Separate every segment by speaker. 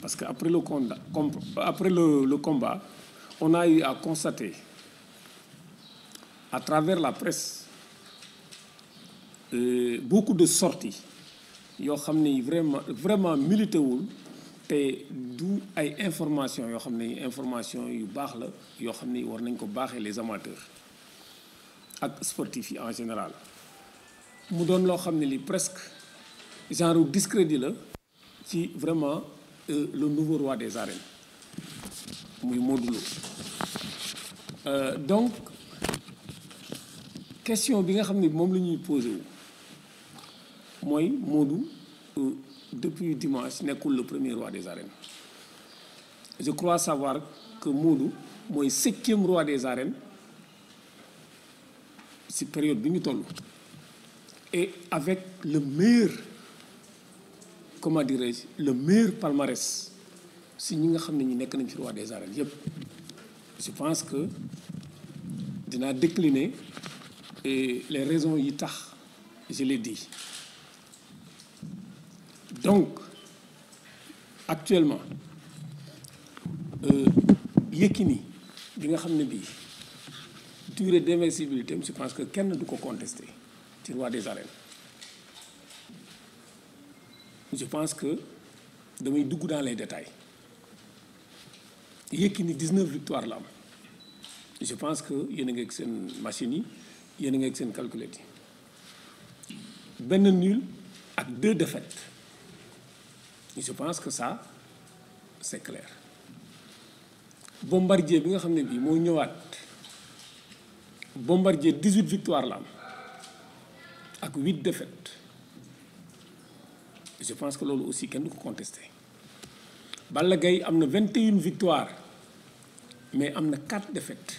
Speaker 1: Parce qu'après le, combat, après le, le combat, on a eu à constater, à travers la presse, euh, beaucoup de sorties yoo xam ne vraiment vraiment milité wul te du ay information yoo xam ne information yu baax la yoo xam ne war nañ ko baaxee les amateurs ak sportifs yi en général mu doon loo xam ne li presque genre discrédit la ci vraiment le nouveau roi des arènes muy Modou Lo euh, donc question bi nga xam ni moom la ñuy posé wu mooy Modou euh, depuis dimanche nekkul le premier roi des arènes je crois savoir que Modou mooy septième roi des arènes ci période bi ñu toll et avec le meilleur comment dirais-je le meilleur palmarès si ñi nga xam ne ñi nekk nañ ci roi des arènes yëpp je pense que dinaa décliner et les raisons yi tax je l'ai dit donc actuellement euh, Yékini bi nga xam ne bii durée d'invincibilité je pense que kenn du ko contester ci roi des arènes je pense que damay dugg dans les détails Yékini 19 victoires la am je pense que yéen a ngi ak seen machines yi yéen a ngi ak seen calculettes yi benn nul ak deux défaites je pense que ça c'est clair Bombardier bi nga xam ne bii moo ñëwaat Bombardier 18 victoires la am ak 8 défaites. je pense que loolu aussi kenn du ko contesté Balla Gaye am na 21 victoires mais am na 4 défaites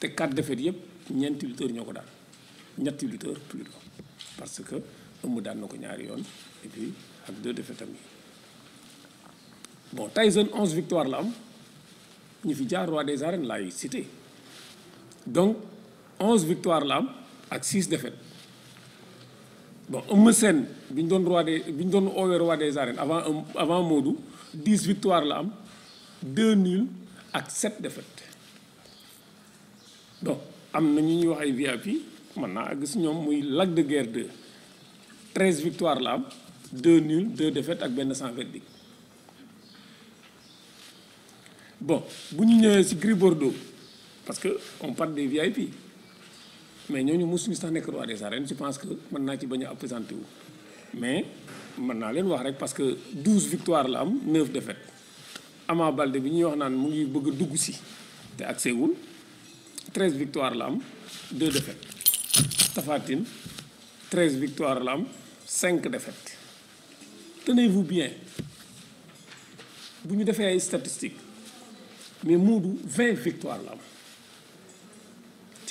Speaker 1: te 4 défaites yëpp ñeenti lutteurs ñoo ko daal ñetti lutteurs plus parce que ëmb daal na ko ñaari yoon et puis ak deux défaites am yi bon Tyson 11 victoires la am ñu fi jaar roi des arènes laay cité donc onze victoires la am ak 6 défaites. bon Eumeu Sène bi ñu doon roi des bi ñu doon oowee roi des arènes avant avant Modou dix victoire la am deux nuls ak sept défaites donc am na ñu ñuy wax ay VIP mën naa gis ñoom muy Lac de Guerre 2 treize victoire la am deux nuls deux défaites ak benn sans verdict bon bu ñu ñëwee ci Gris Bordeaux parce que on parle des VIP mais ñooñu mosuñu sax nekk roi des arènes je pense que mën naa ci bañ a appesanté mais mën naa leen wax rek parce que douze victoires la am neuf défaites Ama Baldé bi ñuy wax naan mu ngi bëgg dugg si te ak seewul treize victoires la am deux défaites Tapha Tine treize victoires la am cinq défaites tenez-vous bien bu ñu defee ay statistiques mais Modou vingt victoires la am.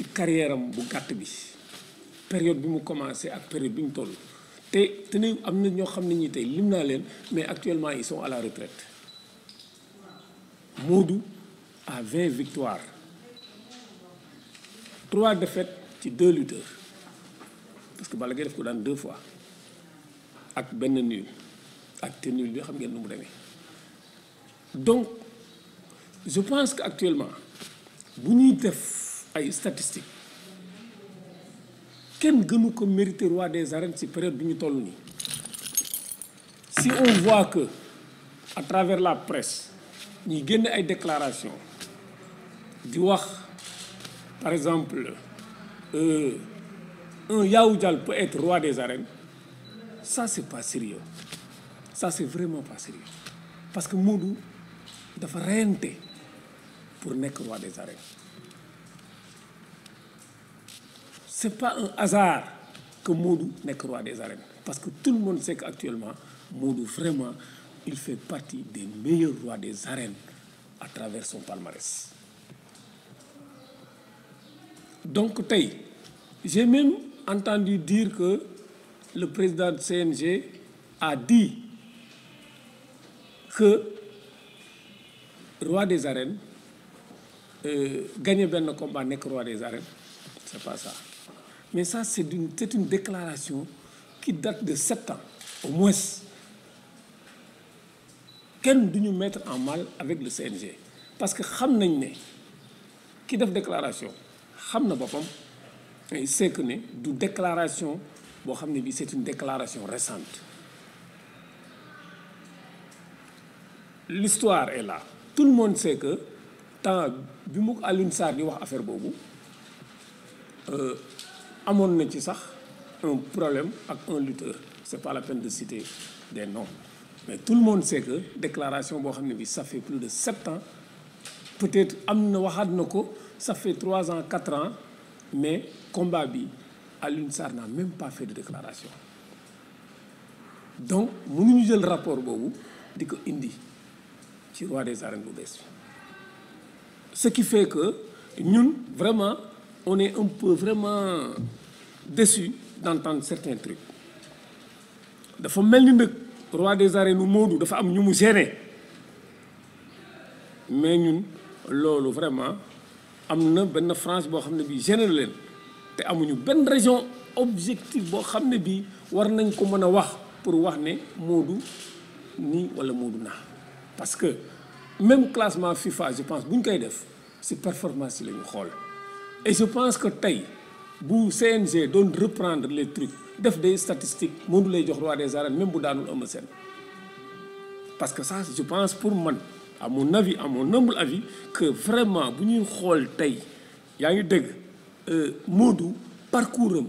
Speaker 1: ci carrière bu gàtt bi période bi mu commencé ak période bi ñu toll te te ne am na ñoo xam ne ñi tey lim naa leen mais actuellement ils sont à la retraite Modou à vingt 20 victoires 3 défaites ci deux lutteurs parce que Balla def ko daan deux fois ak benn nul ak te nul bi xam ngeen nu mu demee donc je pense que actuellement bu ñuy def. ay statistiques kenn gënu ko mérité roi des arènes ci période bi ñu toll nii si on voit que à travers la presse ñuy génne ay déclaration di wax par exemple euh, un Yahya Dial peut être roi des arènes ça c'est pas sérieux ça c'est vraiment pas sérieux parce que Modou dafa reyante pour nekk roi des arènes c'est pas un hasard que Modou nekk roi des arènes parce que tout le monde sait qu'actuellement du vraiment il fait partie des meilleurs rois des arènes à travers son palmarès donc tey j'ai même entendu dire que le président de CNG a dit que roi des arènes euh, gagner benn combat nekk roi des arènes c'est pas ça Mais ça, c'est une, une déclaration qui date de sept ans, au moins. kenn du ñu mettre en mal avec le CNG. Parce que xam nañ nous qui fait déclaration, boppam sait ne du déclaration, c'est une déclaration récente. L'histoire est là. Tout le monde sait que, tant que Alun Sar wax affaire boobu euh, amoon na ci sax un problème ak un lutteur c'est pas la peine de citer des noms mais tout le monde sait que déclaration boo xam ne bi sa fait plus de sept ans peut-être am na waxaat na ko ça fait trois ans quatre ans mais combat bi Alioune Sarr n'a même pas fait de déclaration donc mënuñu jël rapport boobu di ko indi ci roi des arènes bu bees bi ce qui fait que ñun vraiment on est un peu vraiment déçu d'entendre certains trucs dafa mel ni ndëkk roi des arènes nu Modou dafa am ñu mu gêné mais ñun loolu vraiment am na benn France boo xam ne bii gêné leen te amuñu benn région objectif boo xam ne bii war nañ ko mën a wax pour wax ne Modou nii wala Modou naa parce que même classement FIFA je pense bu ñu koy def si performance yi la ñu xool et je pense que tey bu CNG doon reprendre les trucs def des statistiques mënu lay jox roi des arènes même bu daanul Eumeu Sène parce que ça je pense pour man amoon mon avis à mon humble avis que vraiment bu ñuy xool tey yaa ngi dégg euh, Modou parcours am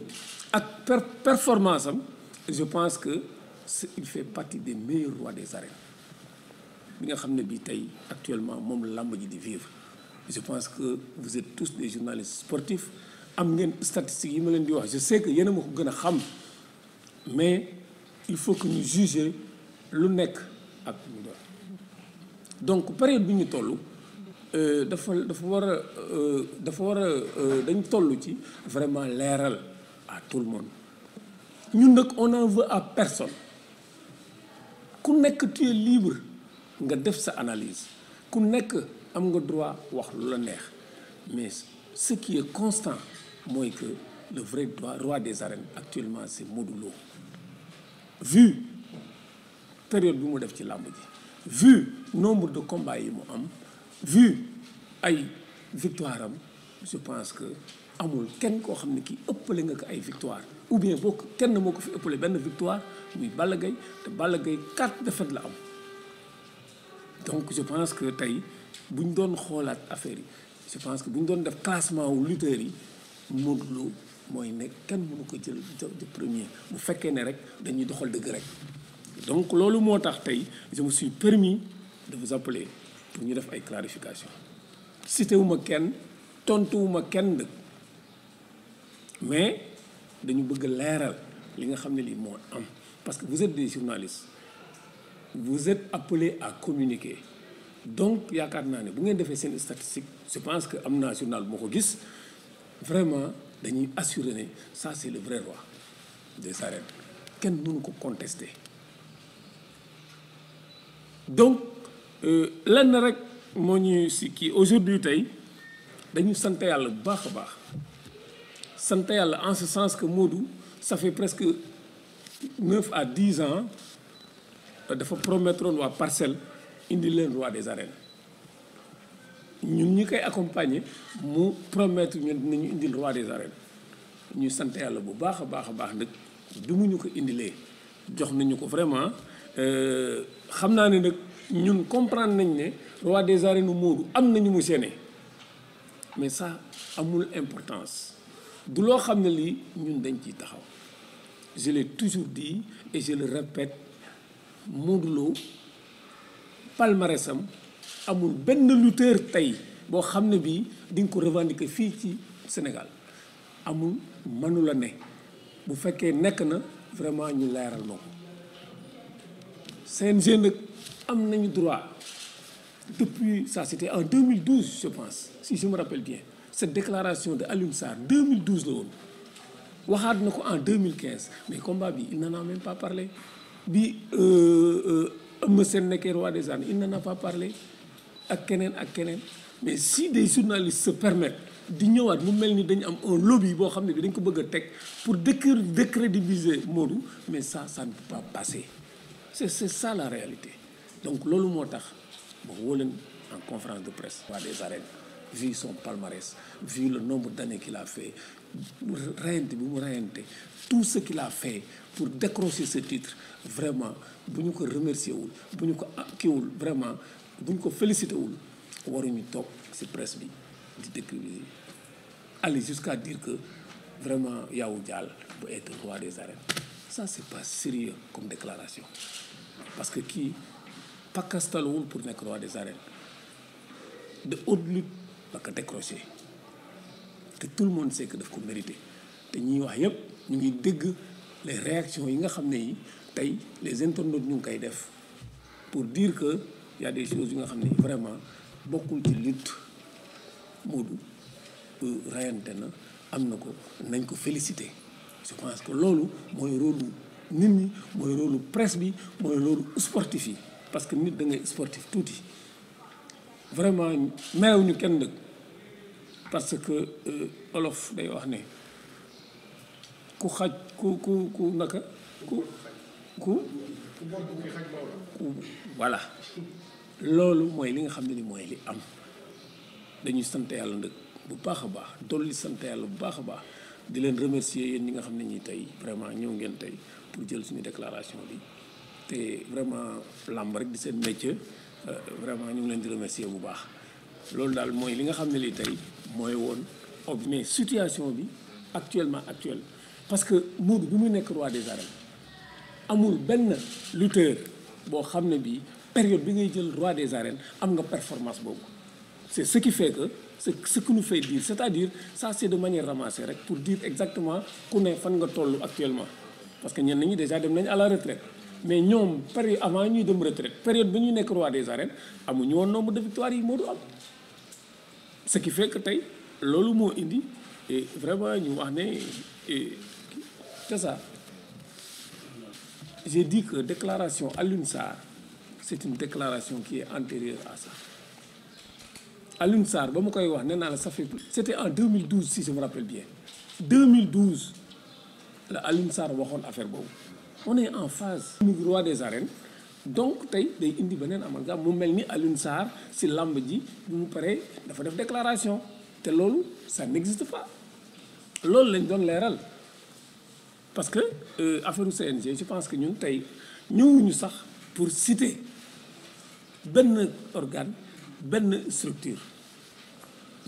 Speaker 1: ak performance am je pense que il fait partie des meilleurs rois des arènes bi nga xam ne bii tey actuellement moom làmb ji di vivre je pense que vous êtes tous des journalistes sportifs am ngeen statistiques yi ma leen di wax je sais que yéen ma ko gën a xam mais il faut que ñu juger lu nekk ak ñu doon donc période bi ñu toll euh, dafa dafa war a euh, dafa war a euh, dañ toll ci vraiment leeral à tout le monde ñun nag on en veut à personne ku nekk tu libre nga def sa analyse ku nekk am nga droit wax lu la neex mais ce qui est constant mooy que le vrai roi des arènes actuellement c'est Modou vu période bi mu def ci làmb ji vu nombre de combats yi mu am vu ay victoire am je pense que amul kenn koo xam ne kii ëppale nga ko ay victoire ou bien boo ko kenn moo ko fi ëppale benn victoire muy Balla Gaye te Balla Gaye quatre défaites la am donc je pense que tey bu ñu doon xoolaat affaire yi je pense que bu ñu doon def classement wu lutteurs yi Modou Lo mooy nekk kenn mënu ko jël de premier bu fekkee ne rek dañuy doxal dëgg rek donc loolu moo tax tey je me suis permis de vous appeler pour ñu def ay clarification cité wu ma kenn tontu ma kenn nag mais dañu bëgg leeral li nga xam ne lii moo am parce que vous êtes des journalistes vous êtes appelés à communiquer donc yaakaar naa ne bu ngeen defee seen statistique je pense que am naa journal bu ko gis vraiment dañuy assurer ne ça c'est le vrai roi des arènes kenn mënu ko contester donc euh, lenn rek moo ñu si kii aujourd'hui tey dañu sant yàlla bu baax a baax sant yàlla en ce sens que Modou ça fait presque neuf à dix ans dafa promettre woon waa parcelle indi leen roi des arènes ñun ñu koy accompagner mu promettre ñun dinañu indil roi des arènes ñu sant yàlla bu baax a baax a baax nag bi mu ñu ko indilee jox nañu ko vraiment euh, xam naa ne nag ñun comprendre nañ ne roi des nu Modou am nañu mu seenee mais ça amul importance du loo xam ne lii ñun dañ ci taxaw je l'ai toujours di et je le répète Modou Lo palmarèsam amul benn lutteur tey boo xam ne bii di nga ko revendiquer fii ci Sénégal amul mënu la ne bu fekkee nekk na vraiment ñu leeral ma ko CNG am nañu droit depuis ça c'était en 2012 je pense si je me rappelle bien cette déclaration de Alioune Sarr 2012 la woon waxaat na ko en 2015 mais combat bi il n'en a même pas parlé bi euh, euh, Eumeu seen nekkee roi des arènes il na a pas parlé ak keneen ak keneen mais si des journalistes se permettent di ñëwaat mu mel ni dañu am un lobby boo xam ne bi dañ ko bëgg a teg pour décrédibiliser Modou mais ça ça ne peut pas passer c'est c'est ça la réalité donc loolu moo tax ma woo leen en conférence de presse waa des arènes vu son palmarès vu le nombre d'années qu'il a fait reyante bi mu reyante tout ce qu'il a fait pour décrocher ce titre vraiment bu ñu ko remercier wul bu ñu ko kiiwul vraiment buñ ko félicité wul waruñu toog ci presse bi di décrire aller jusqu'à dire que vraiment Yawou Dial peut être roi des arènes ça c'est pas sérieux comme déclaration parce que kii pakastaluwul pour nekk roi des arènes de haute lutte la ko décroché te tout le monde sait def daf ko mérité te ñuy wax yépp ñu ngi dégg les réactions yi nga xam ne yi tey les internautes ñu ngi koy def pour dire que y a des choses yu nga xam ne vraiment bokkul ci lutte Modou rayante na am na ko nañ ko félicité je pense que loolu mooy rôle nit ñi mooy rôle presse bi mooy rôle sportif yi parce que nit da ngay sportif tuuti vraiment merew kenn nag parce que euh, olof day wax ne ku xaj ku ku ku naka ku ku voilà loolu mooy li nga xam ne ni mooy li am dañuy sant yàlla ndëg bu baax a baax li sant yàlla bu baax a baax di leen remercier yéen ñi nga xam ne ñi tey vraiment ñëw ngeen tey pour jël suñu déclaration bi te vraiment làmb rek di seen métier euh, vraiment ñu ngi leen di remercier bu baax loolu daal mooy li nga xam ne li tey mooy woon mais situation bi actuellement actuelle parce que Modou bi mu nekk roi des arènes amul benn lutteur boo xam ne bii période bi ngay jël roi des arènes am nga performance boobu c'est ce qui fait que c'est ce que nous fait dire c'est-à-dire ça c'est de manière ramassée rek pour dire exactement ku ne fan nga toll actuellement parce que ñenn ñi déjà dem nañ à la retraite mais ñoom période avant ñuy dem retraite période bi ñu nekk roi des arènes amuñu woon noomu de victoires yi moo du am ce qui fait tey loolu moo indi vraiment ñu wax ne c'est ça j'ai dit que déclaration Alioune Sarr c'est une déclaration qui est antérieure à ça Alioune ba ma koy wax nee naa la ça fait c'était en 2012 si je me rappelle bien 2012 la Alioune Sarr waxoon affaire boobu on est en phase nu roi des arènes donc tey day indi ba neen amalgame mu mel ni Alioune Sarr si làmb ji bu mu paree dafa def déclaration te loolu ça n'existe pas loolu lañ doon leeral parce que euh, affaire CNG je pense que ñun tey ñëwuñu sax pour citer benn organe benn structure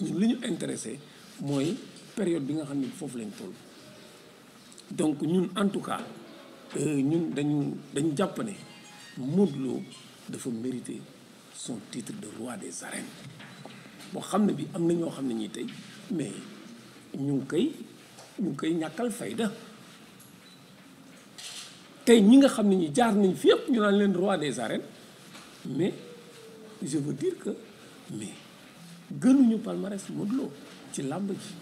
Speaker 1: ñun li ñu intéressé mooy période bi nga xam ni foofu lañ toll donc ñun en tout cas euh, ñun dañu dañu jàpp ne Modou Lo dafa mériter son titre de roi des arènes boo xam ne bi am na ñoo xam ne ñii tey mais ñu koy ñu koy ñàkkal fayda tey ñi nga xam ne ñi jaar nañ fi yëpp ñu naan leen roi des arènes mais je veux dire que mais gënuñu palmarès Modou Lo ci làmb ji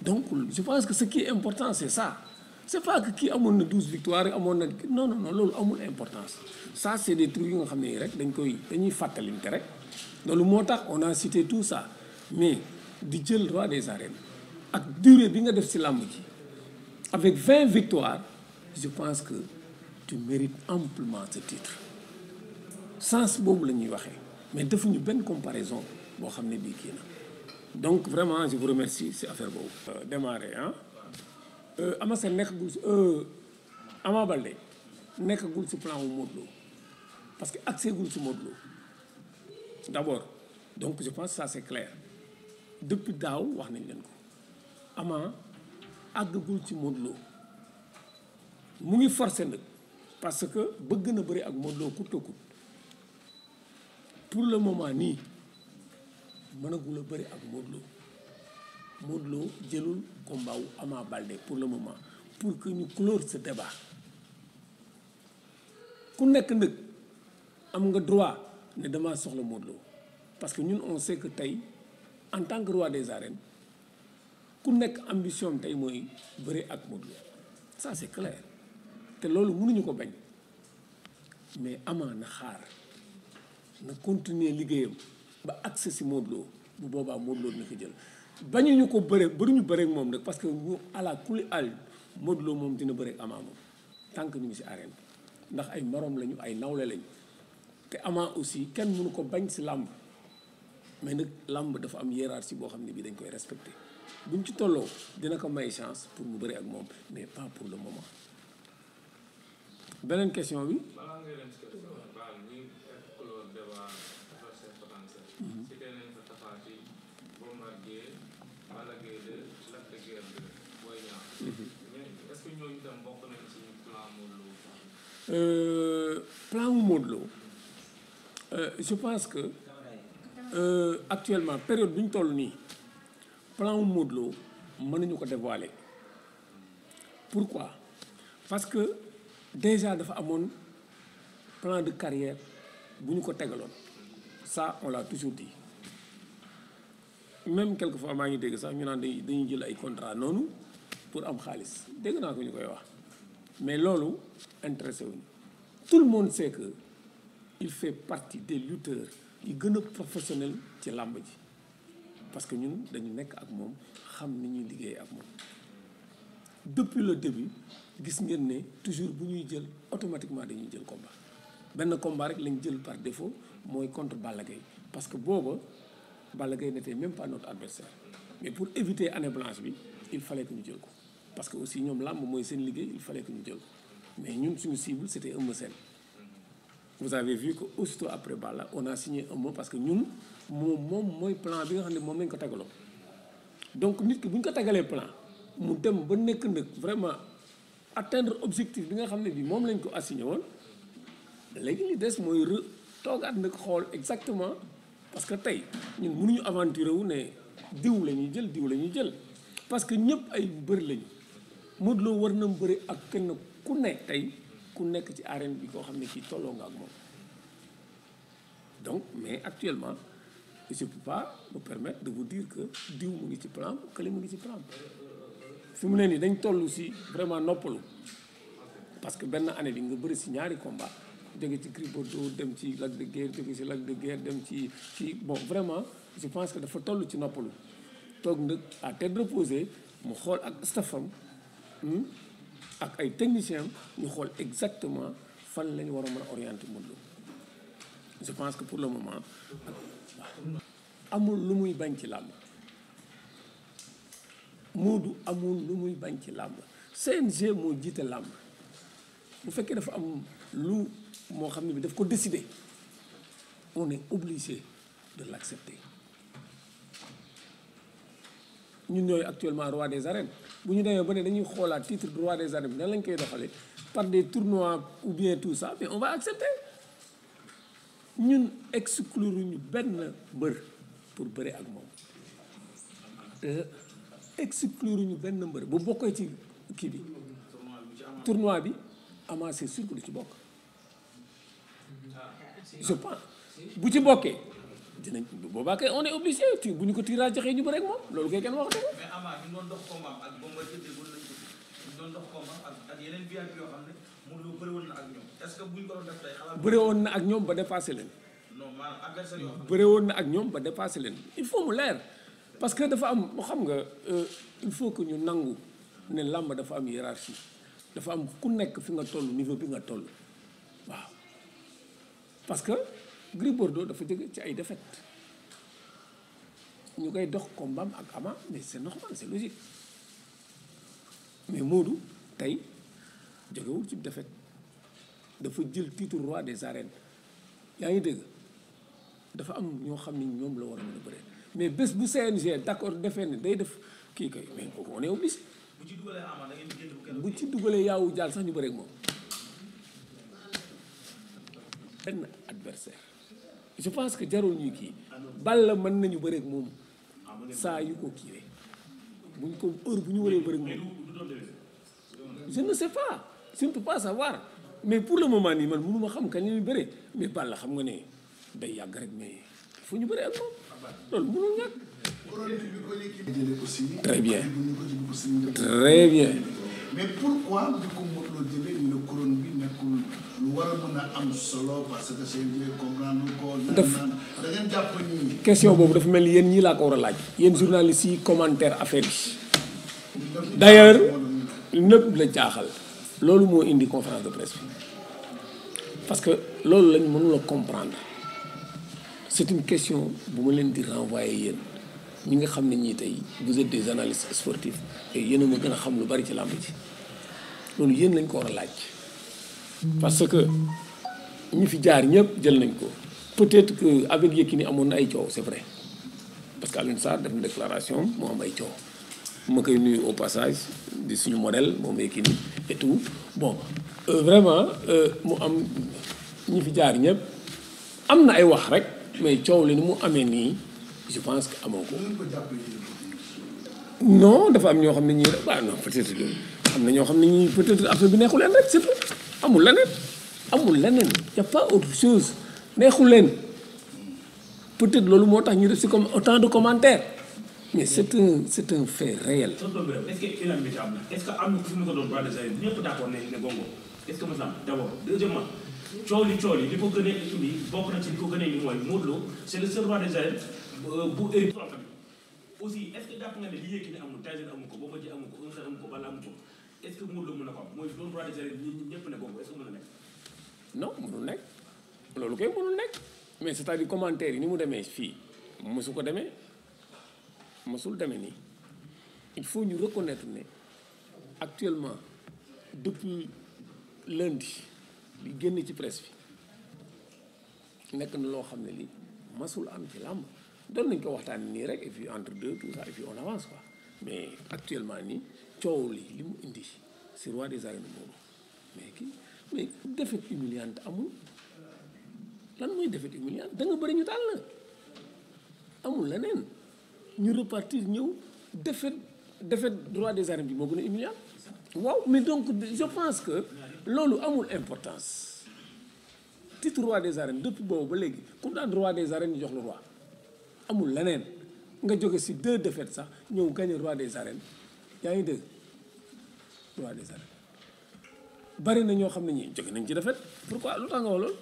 Speaker 1: donc je pense que ce qui est important c'est ça c'est pas que kii amoon na douze victoires amoon na non non loolu amul importance ça c'est des trucs yu nga xam ne rek dañ koy dañuy fàttalinte rek loolu moo tax on a cité tout ça mais di jël roi des arènes ak durée bi nga def ci làmb ji avec vingt victoires je pense que tu mérites amplement ce titre sens boobu la ñuy waxee mais defuñu benn comparaison boo xam ne bii kii na donc vraiment je vous remercie si affaire boobu. Euh, démarré ah euh, Ama Sène nekkagul si euh, Ama nekkagul si plan wu Modou parce que accès gul si Modou Lo d' abord donc je pense ça c' est clair depuis daaw wax nañ leen ko Ama àggagul si Modou Lo mu ngi forcé nag parce que bëgg na bëri ak Modou Lo coûte que pour le moment nii mënagul a bëri ak Modou Lo Modou Lo jëlul combat wu Ama Baldé pour le moment pour que ñu couleur ce débat ku nekk nag am nga droit ne dama soxla Modou parce que ñun on sait tey en tant que roi des arènes ku nekk ambition tey mooy bëri ak Modou Lo ça c'est clair te loolu mënuñu ko bañ mais Ama na xaar na continuer liggéeyam ba accès si Modou bu boobaa Modou Lo dina ko jël bañuñu ko bëre bëriñu bëre ak moom nag parce que ñu ala kulli al Modou moom dina bëri ak Ama moom tant que ñu si arène ndax ay morom lañu ay nawle lañu te Ama aussi kenn mënu ko bañ si làmb mais nag làmb dafa am hiérarchie boo xam ne bii dañ koy respecté buñ ci tolloo dina ko may chance pour mu bëri ak moom mais pas pour le moment. beneen question bi. plan wu Modou Lo euh, euh, je pense que euh, actuellement période bi ñu toll nii plan wu Modou Lo mën nañu ko dévoiler pourquoi parce que. déjà dafa amoon plan de carrière bu ñu ko tegaloon ça on l'a toujours dit même quelquefois maa ngi dégg sax ñu naan dañuy dañuy jël ay contrat noonu pour am xaalis dégg naa ko ñu koy wax mais loolu intéressé wuñu tout le monde sait que il fait partie des lutteurs yi gën a professionnel ci làmb ji parce que ñun dañu nekk ak moom xam ni ñuy liggéey ak moom depuis le début gis ngeen ne toujours bu ñuy jël automatiquement dañuy jël combat benn combat rek lañ jël par défaut mooy contre Balla Gaye parce que booba Balla Gaye n'était même pas notre adversaire mais pour éviter année blanche bi il fallait que ñu jël ko parce que aussi ñoom làmb mooy seen liggéey il fallait que ñu jël ko mais ñun suñu cible c'était Eumeu Sène vous avez vu que aussitôt après Balla on a signé Eumeu parce que ñun moom moom mooy plan bi nga xam ne moom lañ ko tagaloo donc nit ki bu ko tagalee plan mu dem ba nekk nag vraiment atteindre objectif bi nga xam ne bi moom lañ ko assigné woon léegi li des mooy re toogaat nag xool exactement parce que tey ñun ñu aventurer wu ne diw la ñuy jël diw la ñuy jël parce que ñëpp ay mbër lañu Modou Lo war na mu mbëri ak kenn ku ne tey ku nekk ci arène bi koo xam ne kii tolloo nga ak moom donc mais actuellement je ne peux pas de vous dire que diw mu ngi ci plan kële mu ngi ci plan fi mu nee nii dañ tollu si vraiment noppalu parce que benn année bi nga bëri si ñaari combat jóge ci Gris Bordeaux dem ci Lac de Guiers jóge si Lac de Guiers dem ci ci bon vraiment je pense que dafa tollu ci noppalu toog nag à tête reposée mu xool ak staffam hmm, ak ay techniciens ñu xool exactement fan la ñu war a mën a orienter Modou je pense que pour le moment amul lu muy bañ ci làmb du amul lu muy bañ ci làmb CNG moo jiite làmb bu fekkee dafa am lu moo xam ne bi daf ko décider on est obligé de l' accepter ñun ñooy actuellement roi des arènes bu ñu demee ba ne dañuy xoolaat titre de roi des bi nan lañ koy doxalee par des tournois ou bien tout ça mais on va accepter ñun exclure ñu benn mbër pour bëre ak moom. Euh, exclure ñu benn mbër bu bokkee ci kii bi tournoi bi Ama c'est sûr que du ci bokk je bu ci bokkee dinañ boobaa kay on est bu ñu ko tirage joxee ñu bëre ak moom loolu koy kenn waxatu ko. mais Ama ñu doon dox combat ak ak ak yeneen VIP yoo xam ne moom lu bëri woon na ak ñoom que bu ñu ko doon woon na ak ñoom ba dépassé leen. non maanaam adversaire yoo xam woon na ak ñoom ba dépassé leen il faut mu leer. parce que dafa am xam nga euh, il faut que ñu nangu ne làmb dafa am hiérarchie dafa am ku nekk fi nga toll niveau bi nga toll waaw parce que Gris Bordeaux dafa jóge ci ay défaite ñu koy dox kombaam ak Ama mais c'est normal c'est logique mais Modou tey jógewul ci défaite dafa jël titre roi des arènes yaa ngi dégg dafa am ñoo xam ni ñoom la war a mën a bëree mais bés bu CNG d'accord defee ne day def kii kay mais kooku on est obligé. bu ci dugalee Ama da ngeen ci dugalee yaawu jaal sax ñu bëreeg moom. benn adversaire je pense que jarul ñuy kii la mën na nañu bëreeg moom saa yu ko kiiwee buñ ko heure bu ñu waree bëreeg moom je ne sais pas je ne pas savoir mais pour le moment nii man mënu ma xam kañ la bëree mais Balla xam nga ne day yàgg rek mais fu ñu bëree ak moom. loolu mënul ñàkk. très bien très bien. a mën solo parce que seen daf question boobu dafa mel ni yéen ñii laa ko war a laaj. yéen journalistes yi commentaire affaire yi. d'ailleurs nëpp la jaaxal. loolu moo indi conférence de presse bi parce que loolu lañ mënul a comprendre. c'est une question bu ma leen di renvoyer yéen ñi nga xam ne ñii tey vous êtes des analystes sportifs et yéen a ma gën a xam lu bari ci làmb ci loolu yéen lañ ko war a laaj parce que ñu fi jaar ñëpp jël nañ ko peut-être que avec Yékini amoon na ay coow c'est vrai parce que Alioune Sarr def na déclaration moo am ay coow ma koy nuyu au passage di suñu modèle moom Yékini et tout bon euh, vraiment euh, mu am ñu fi jaar ñëpp am na ay wax rek mais coow li ni mu amee nii je pense que amoo ko. non dafa am ñoo xam ne ñii rek waaw non peut-être am na ñoo xam ne ñii peut-être affaire bi neexu leen rek c'est amul leneen amul leneen y a pas autre chose neexu leen peut loolu moo tax ñu def si comme autant de commentaires mais c'est un c'est un fait réel. que ñëpp d'accord nañ ne coow li coow li li ko gënee indi bokk na ci li ko gënee indi mooy Modou Lo c'est le seul roi des arènes bu éri euh, euh, aussi est que jàpp nga ne li yéegi ne amul Tyson amul ko Bombardier ji amul ko Eumeu Sène amul ko Balla amul ko est-ce que Modou Lo mën na ko am mooy doon roi des arènes ñi ñëpp ne boobu est-ce na loolu koy mënul nekk mais c'est-à-dire commentaire yi ni mu demee fii mosu ko demee mosul demee nii il faut ñu reconnaître ne actuellement depuis lundi li génn ci presse bi nekk na loo xam ne li masul am ci làmb doon nañ ko waxtaan nii rek et puis entre deux tout ça et puis on avance quoi mais actuellement nii coow li li mu indi si roi des arènes amul lan mooy défaite humiliante da nga bëri ñu daal leneen ñu repartir ñëw défaite défaite roi des arènes bi moo gën a humiliante waaw mais donc je pense que loolu amul importance titre roi des arènes depuis boobu ba léegi ku daan roi des arènes ñu jox la roi amul leneen nga jóge si deux défaites sax ñëw gagné roi des arènes yaa ngi dégg roi des arènes bari na ñoo xam ne ñi jóge nañ ci défaite pourquoi lu tax nga wax loolu.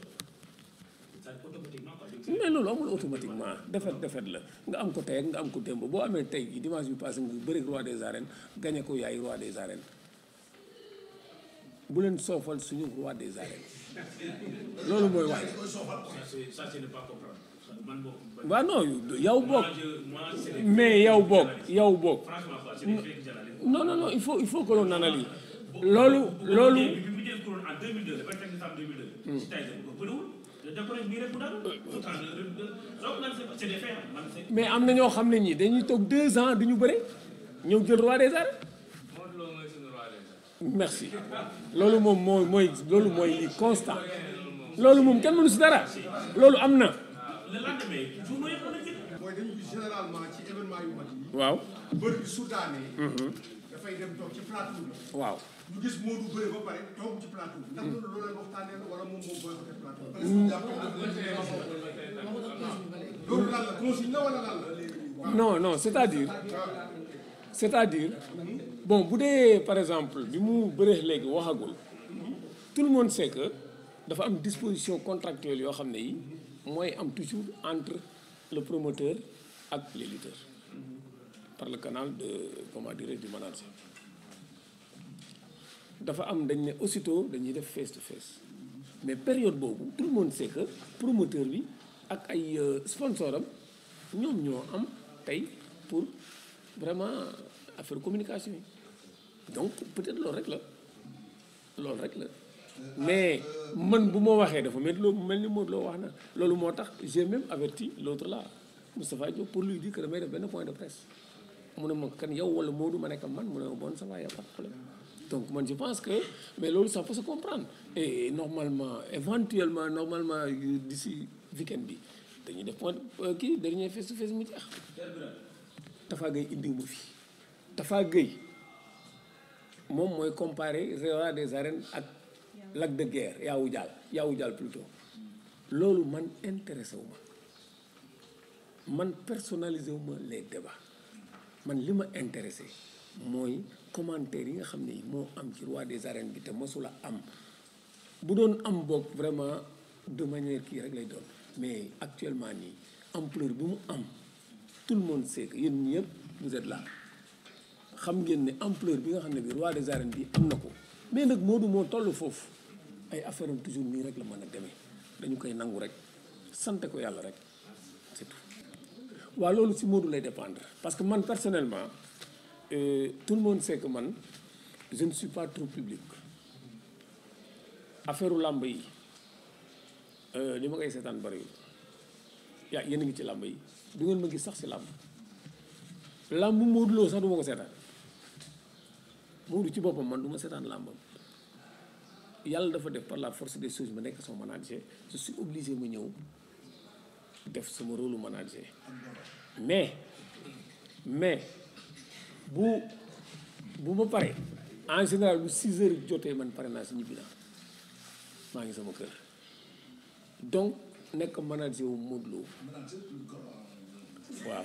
Speaker 1: mais loolu amul automatiquement défaite défaite la nga am ko tey ak nga am ko démb boo amee tey gi dimanche bi passé nga bëri roi des arènes gagné ko yaay roi des arènes. bu leen soofal suñu roi des arènes loolu mooy wax. ça c'est ne pas comprendre. waaw non yow bokk mais yow bokk yow bokk non non non il faut il faut que l'on analyse loolu loolu mais am na ñoo xam ne ñi dañuy toog deux ans du ñu bëre ñëw jël roi des arènes merci loolu moom mooy mooy loolu mooy li constant loolu moom kenn mënu si dara loolu am na. mooy dañu gis généralement ci événement yu mag waaw bëri bi soudaanee. Mhm. ci plateau bi. waaw gis Modou bëri ba pare ci plateau bi. ndax loolu loolu waxtaanee la mm. la consigne la wala non c'est-à-dire ah. c'est-à-dire. Hmm? bon bu dee par exemple bi mu bëree léegi waxagul tout mone monde dafa am disposition contractuelle yoo xam ne yi mooy am toujours entre le promoteur ak les lutteurs par le canal de comment dirais di manager dafa am dañ ne aussitôt dañuy def face to face mais période boobu tout le monde sait promoteur bi ak ay euh, sponsor am ñoom ñoo am tey pour vraiment affaire communication yi donc peut-être loolu rek la loolu rek la mais man bu ma waxee dafa mel loo mel ni Modou Lo wax na loolu moo tax j'ai même averti l'autre là Moustapha Diop pour lui dire que damay def benn point de presse mu ne ma kan yow wala du ma nekk man mu ne ma bon ça va y donc man je pense que mais loolu ça faut se comprendre normalement éventuellement normalement d'ici week-end bi dañuy def point euh, kii dernier face to face mu jeex Tafa Gueye indi ma fii Tafa Gueye moom mooy comparer roi des arènes ak Lac de Guiers yaawu jaal yaawu jaal plutôt loolu man intéressé wu ma man personnalisé wu ma les débats man li ma intéressé mooy commentaire yi nga xam ne moo am ci roi des arènes bi te mosula am bu doon am boog vraiment de manière kii rek lay doon mais actuellement nii empleur bi mu am tout le mone sait que yéen ñëpp vous xam ngeen ne ampleur bi nga xam ne bi roi des arènes bi am na ko mais nag Modou moo toll foofu ay affaire am toujours nii rek la mën a demee dañu koy nangu rek sante ko yàlla rek waa loolu si Modou lay dépendre parce que man personnellement euh, tout le monde man je ne suis pas trop public affaire làmb yi li euh, ma koy seetaan bëriwul yaa yéen a ngi ci làmb yi du ngeen ma ngi sax si làmb làmb Modou Lo sax du ma ko seetaan Modou ci boppam man du ma seetaan làmbam yàlla dafa def par la force des choses ma nekk soo manager su si obligé ma ñëw def sama rôle manager mais mais bu bu ma pare en général bu 6 heures jotee man pare naa si ñibbi naa maa ngi sama kër donc nekk manager wu Modou waaw.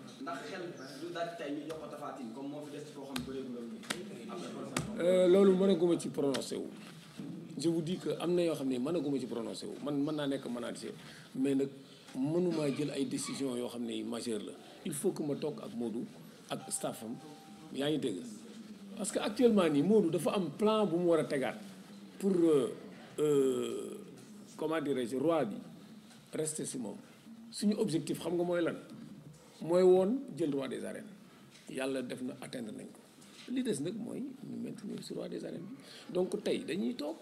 Speaker 1: ndax xel du daal tey ñu jox ko Tapha Tine comme euh, loolu mënaguma ci prononcé wu. je vous dis que am na yoo xam ne mënaguma ci prononcé wu man mën naa nekk manager mais nag mënumaa jël ay décision yoo xam ne majeure la il faut que ma toog ak Modou ak staffam yaa ngi dégg parce que actuellement nii Modou dafa am plan bu mu war a tegaat pour euh, euh, comment dirais-je roi bi rester si moom suñu objectif xam nga mooy lan. mooy woon jël roi des arènes yàlla def na atteindre nañ ko li des nag mooy ñu maintenir si roi des arènes bi donc tey dañuy toog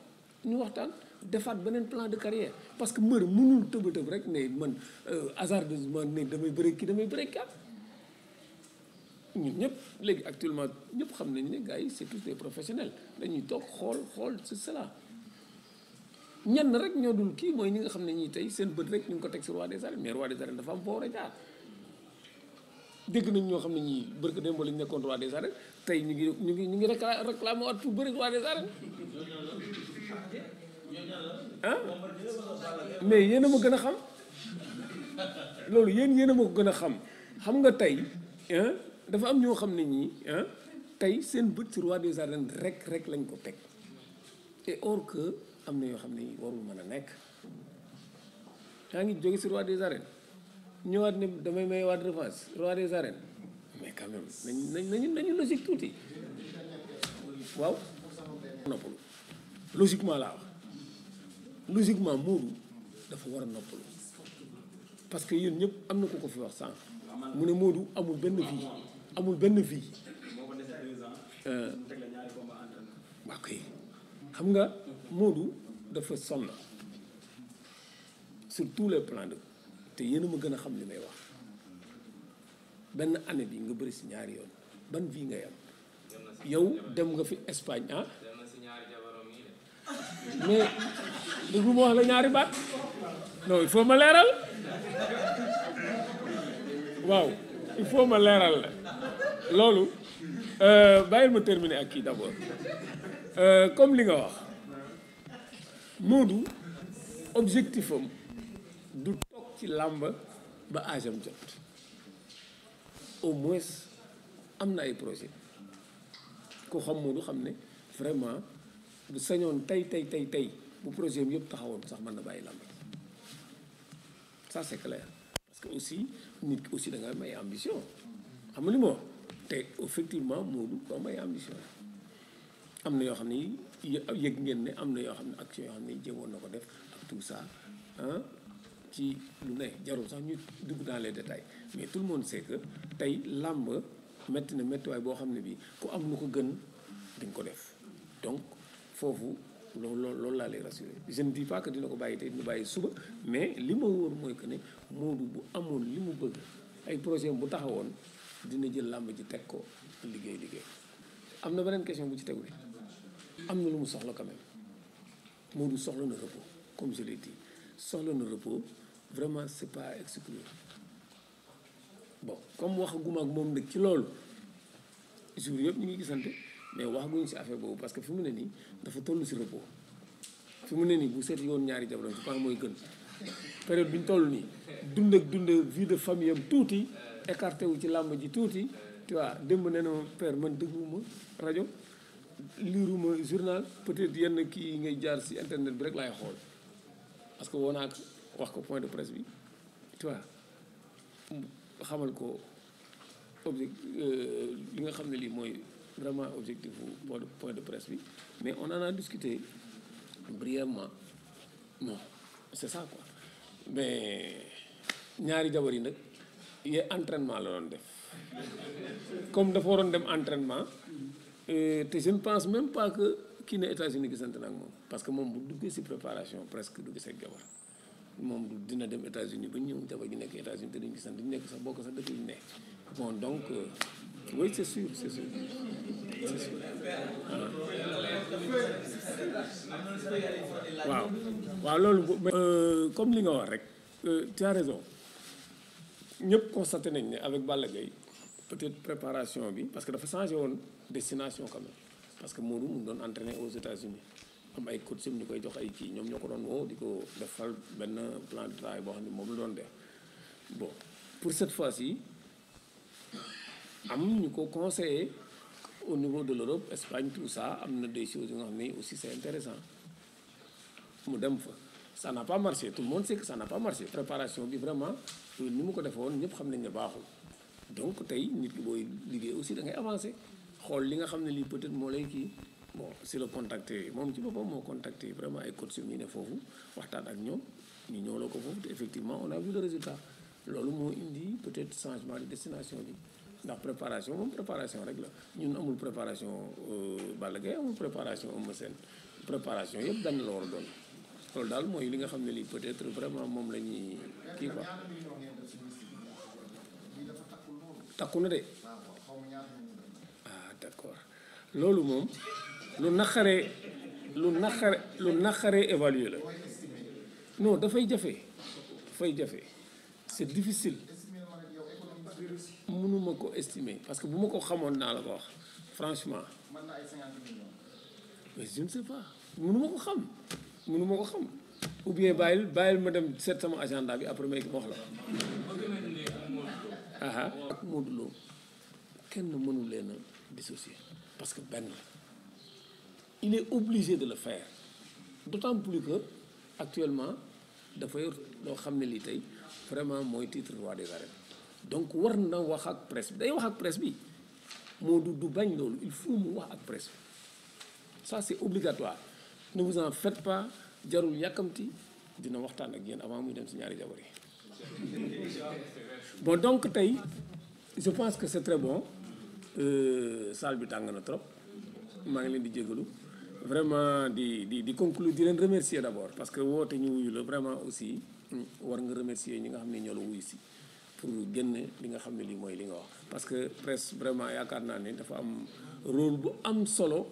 Speaker 1: ñu waxtaan defaat beneen plan de carrière parce que mbër mënul tëb rek ne man euh, hasardeusement ne damay bëri kii damay bëri kat ñu ñëpp léegi actuellement ñëpp xam nañ ne gars yi c'est tous des professionnels dañuy toog xool xool c'est cela ñenn rek ñoo dul kii mooy ñi nga xam ne ñii tey seen bët rek ñu ngi ko teg si roi des arènes mais a jaar dégg nañ ñoo xam ne ñii barke démb lañ nekkoon roi de arènes tey ñu ngi ñu ngi ñu ngi réclamé waat pour bëri roi des arènes ah mais yéen a ma gën a xam loolu yéen yéen a gën a xam xam nga tey dafa am ñoo xam ne ñii tey seen bët ci roi des arènes rek rek lañ ko teg et or que am na yoo xam ne warul mën a nekk yaa ngi jóge ci roi des arènes ñëwaat ne damay may waat revanche roi des arènes mais quand nañ nañu nañu logique tuuti waaw noppalu logiquement laa wax logiquement Modou dafa war a noppalu parce que yéen ñëpp am na ko ko fi wax sànq mu ne Modou amul benn vie amul benn vie euh, waaw kay xam nga Modou dafa sonn sur les plans de te yéen a ma gën a xam li may wax benn année bi nga bëri si ñaari yoon ban vie ngay am yow dem nga fi Espagne ah mais li mu wax la ñaari baat non il faut ma leeral waaw il faut ma leeral la loolu euh, bàyyil ma terminer ak kii d'abord euh, comme li nga wax Modou objectif am ci làmba ba aajam jot au moins am na ay projet koo xam moo Modou xam ne vraiment bu sañoon tey tey tey tey bu projet bi yëpp taxawoon sax mën na bàyyi làmba ça c'est clair parce que aussi nit ki aussi da nga am ay ambition xam nga li ma te effectivement moo du am ay ambition am na yoo xam ne yëg ngeen ne am na yoo xam ne action yoo xam ne jéemoon na ko def ak tout ça ci lu ne jarul sax ñu dugg dans les détails mais tout le monde sait tey làmb métti na méttiwaay boo xam ne bii ku am lu ko gën dañ ko def donc foofu loolu loolu loolu laa lay rassuré je ne dis dina ko bàyyi tey dina bàyyi suba mais li ma wóor mooy que ne Modou bu amoon li mu bëgg ay projet bu taxawoon dina jël làmb ji teg ko liggéey liggéey am na beneen question bu ci tegu am na lu mu soxla quand même Modou soxla na repos comme je l'ai soxla na repos vraiment c'est pas exclu bon comme waxaguma ak moom nag ci loolu jour yëpp ñu ngi gisante mais waxaguñu si affaire boobu parce que fi mu ne nii dafa tollu si repos fi mu ne nii bu seeti yoon ñaari jabaram je pense mooy gën période bi ñu toll nii dund ak dund vie de famille am tuuti écarté wu ci làmb ji tuuti tu vois démb nee na man dégluwuma rajo liiruma journal peut-être yenn kii ngay jaar si internet bi rek laay xool parce que woon naa wax ko point de presse bi tu vois xamal ko object euh, li nga xam ne lii mooy vraiment objectif bu point de presse bi mais on en a discuté brièvement non c'est ça quoi mais ñaari jabar yi nag yee entraînement la doon def comme dafa waroon dem entraînement euh, te je ne pense même pas que kii ne États-Unis gisante nag moom parce que moom bu duggee si préparation presque du gis ak jabar moom du dina dem États-Unis ba ñëw jabar gi nekk États-Unis te duñ gisante duñ nekk sax bokk sax dëkk yu ne bon donc euh, oui c'est sûr c'est sûr waaw waaw loolu euh, comme li nga wax rek euh, tu as raison ñëpp constaté nañ ne avec Balla Gaye peut préparation bi parce que dafa changé woon destination quand même parce que Modou mu doon entraîner aux États-Unis am ay coach ñu koy jox ay kii ñoom ñoo ko doon woo di ko defal benn plan de travail boo xam ne moom doon def bon pour cette fois-ci am ñu ko conseillé au niveau de l'Europe Espagne tout ça am na des choses yu nga xam ne aussi c'est mu dem fa ça n'a pas marché tout le monde sait que n'a pas marché préparation bi vraiment ni mu ko defe woon ñëpp xam nañ ne baaxul donc tey nit ki booy liggéey aussi da ngay avancer xool li nga xam ne lii peut-être moo lay kii bon si la contacté moom ci boppam moo contacté vraiment ay coach yu ne foofu waxtaan ak ñoom ñu ñëw la ko foofu te effectivement on a vu le résultat loolu moo indi peut-être changement de destination bi ndax préparation moom préparation rek la ñun amul préparation euh, Balla gay amul préparation Eumeu Sène préparation yëpp daan la war a doon loolu daal mooy li nga xam ne lii peut-être vraiment moom la ñuy kii quoi takku na de ah d'accord loolu moom. lu naqaree lu naqare lu naqaree évaluer la non dafay jafe dafay jafe c'est difficile mënuma ko estimer parce que bu ma ko xamoon naa la ko wax franchement mais je ne sais pas ko xam ou bien bàyyil bàyyil ma dem seet sama agenda bi après may wax la aha ak Modou Lo kenn mënu leen a parce que benn il est obligé de le faire d'autant plus actuellement dafa yor loo xam ne lii tey vraiment mooy titre roi des arènes donc war na wax ak presse bi day wax ak presse bi moo du du bañ loolu il faut mu wax ak presse bi ça c'est obligatoire ne vous en faites pas jarul yàkkamti dina waxtaan ak yéen avant muy dem si ñaari jabar yi bon donc tey je pense que c'est très bon euh, salle bi tàng na trop maa ngi leen di jégalu vraiment di di di conclure di leen remercier d' abord parce que woote ñu wuyu la vraiment aussi mm, war nga remercier ñi nga xam ne ñoo la wuyu si pour génne li nga xam ne lii mooy li nga wax. parce que presse vraiment yaakaar naa ne dafa am rôle bu am solo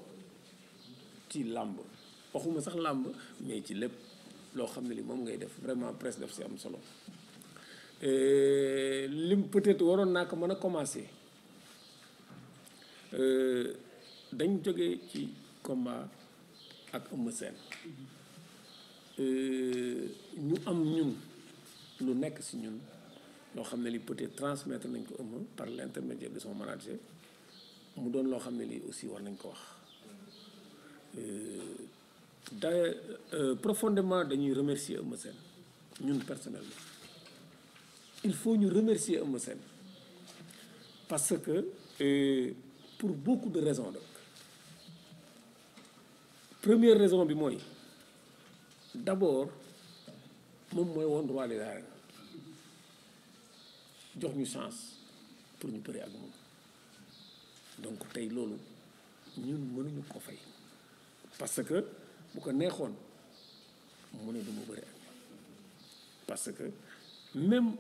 Speaker 1: ci làmb waxuma sax làmb may ci lépp loo xam ne li moom ngay def vraiment presse daf si am solo lim peut-être waroon naa ko mën a commencer euh, dañ jógee ci combat. ak Eumeu Sène euh, ñu am ñun lu nekk si ñun loo xam ne li peut-être transmettre nañ ko Eumeu par l'intermédiaire de son manager mu doon loo xam ne lii aussi war nañ ko wax euh, da euh, profondément dañuy remercier Eumeu Sène ñun personnellement il faut ñu remercier Eumeu Sène parce que pour beaucoup de raisons de première raison bi mooy d' abord moom mooy woon roi des jox ñu chance pour ñu bëri ak moom donc tey loolu ñun mënuñu ko fay parce que bu ko neexoon mu ne du ma bëri parce que même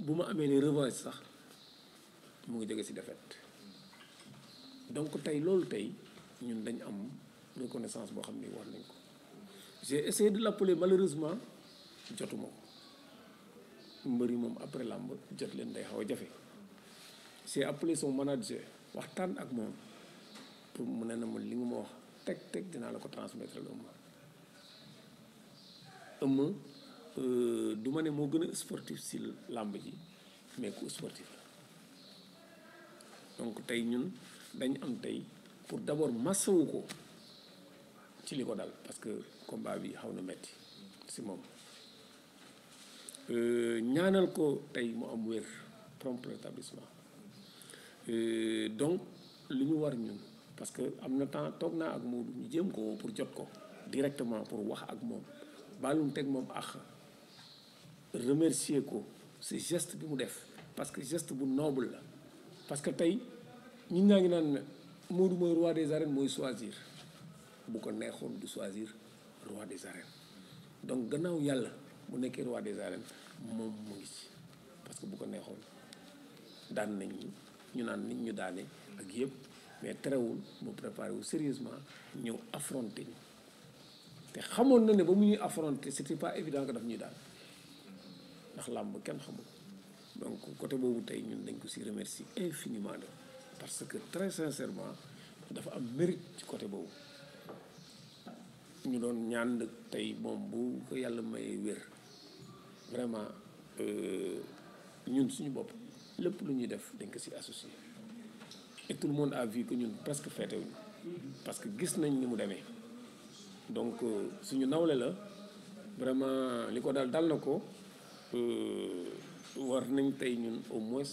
Speaker 1: bu ma amee ne revanche sax mu ngi jóge ci défaite donc tey loolu tey ñun dañ am reconnaissance boo xam ni war nañ ko j'ai essayé de l'appeler malheureusement jotuma ko mbëri moom après làmb jot leen day xaw a jafe j'ai soo son manager waxtaan ak moom pour mu ne na ma li nga ma wax teg teg dinaa la ko transmettre la ma ëmma euh, du ma ne moo gën a sportif si làmb ji mais ku sportif la donc tey ñun dañ am tey pour d'abord masawu ko ci li ko dal parce que combat bi xaw na metti si moom euh, ñaanal ko tey mu am wér prompt rétablissement euh, donc li ñu war ñun parce que am na temps toog naa ak Modou ñu jéem ko pour jot ko directement pour wax ak moom mu teg moom ak remercier ko si geste bi mu def parce que gest bu noble la parce que tey ñun ñaa ngi naan Modou mooy roi des arènes mooy choisir bu ko neexoon du choisir roi des arènes donc gannaaw yàlla bu nekkee roi des arènes moom mu ngi ci parce que bu ko neexoon daan nañ ñu naan nit ñu daane ak yëpp mais terewul mu préparé wu sérieusement ñëw affronté ñu te xamoon na ne ba mu ñuy affronté c'était pas évident que daf ñuy daal ndax làmb kenn xamul donc côté boobu tey ñun dañ ko si remercier infiniment de parce que très sincèrement dafa am mérite ci côté boobu ñu doon ñaan tey moom bu ko yàlla mayee wér vraiment euh, ñun suñu bopp lépp lu ñuy def dañ ko si associé et tout le monde a vu que ñun presque féete parce que gis nañ ni mu demee donc euh, suñu nawle la vraiment li ko dal dal na ko euh, war nañ tey ñun au moins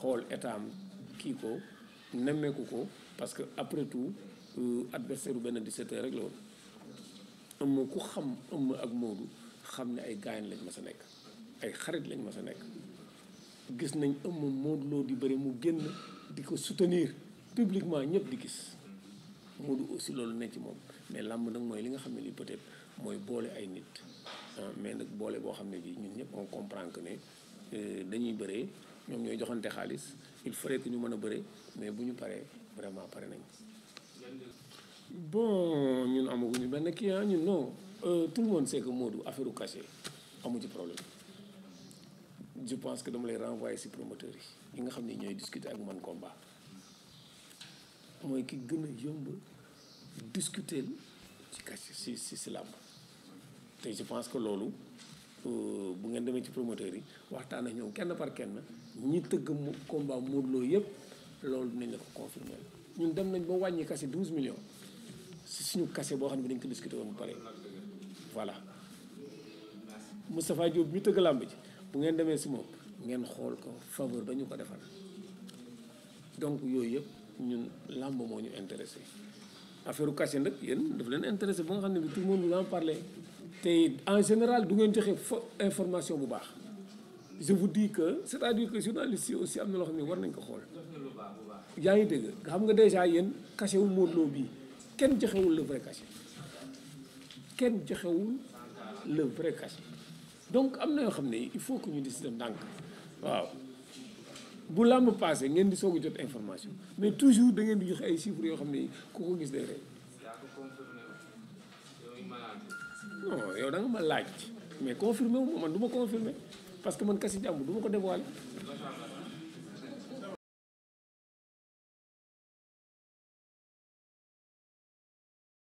Speaker 1: xool état am kii ko nemmeeku ko parce que après tout adversaire bu benn 17 rek la woon ëmm ku xam ëmm ak Modou xam ne ay gaañ lañ ma sa nekk ay xarit lañ ma sa nekk gis nañ ëmm Modou Lo di bëri mu génn di ko soutenir publiquement ñëpp di gis Modou aussi loolu nekk ci moom mais làmb nag mooy li nga xam ne lii peut-être mooy boole ay nit ah, mais nag boole boo xam ne bii ñun ñëpp on comprend que ne euh, dañuy bëree ñoom ñooy joxante xaalis il faudrait que ñu mën a bëree mais bu ñu paree vraiment pare nañ bon ñun amaguñu benn client ah, ñun non euh, tout le monde sait que Modou affaire u cachet amu ci problème je pense que dama lay renvoyer si promoteur yi yi nga xam ne ñooy discuter ak man combat mooy ki gën a yomb discuter si si te je pense que loolu euh, bu ngeen demee ci promoteur yi waxtaan ak ñoom kenn par kenn ñi tëgg combat Modou Lo yëpp loolu dinañ la ko confirmer ñun dem nañ ba wàññi kase 12 millions. si suñu kase boo xam ne dañ ko discuté woon bu pare voilà Moustapha Diop ñu tëgg làmb ji bu ngeen demee si moom ngeen xool ko faveur ba ñu ko defal donc yooyu yëpp ñun làmb moo ñu intéressé affaire kase nag yéen daf leen intéressé ba nga xam ne bi tout le monde nous en parler en général du ngeen joxe fo information bu baax je vous dis que c'est-à-dire que journaliste am na loo xam ne war nañ ko xool yaa ngi dégg xam nga déjà yéen kase wu Modou Lo kenn joxewul le vrai cachet kenn joxewul le vrai donc am na yoo xam ne il faut que ñu di si def waaw bu làmb passé ngeen di soog a jot information mais toujours da ngeen di joxe ay chiffres yoo xam ne ku ko gis day rey non yow da ma laaj mais confirmé wu ma man du ma confirmé parce que man kasi jàmm du ko dévoilé